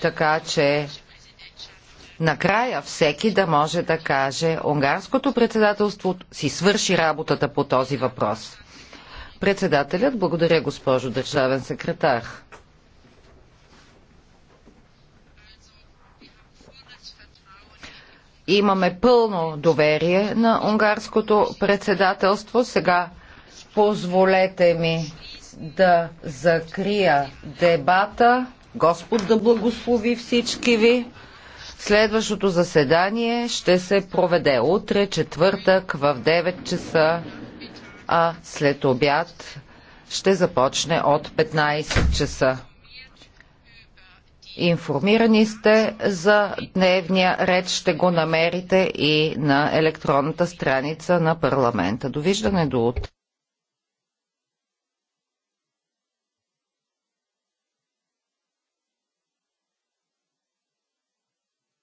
така че накрая всеки да може да каже, унгарското председателство си свърши работата по този въпрос. Председателят, благодаря госпожо държавен секретар. Имаме пълно доверие на унгарското председателство. Сега позволете ми да закрия дебата. Господ да благослови всички ви. Следващото заседание ще се проведе утре, четвъртък, в 9 часа, а след обяд ще започне от 15 часа. Информирани сте за дневния ред, ще го намерите и на електронната страница на парламента. Довиждане до утре.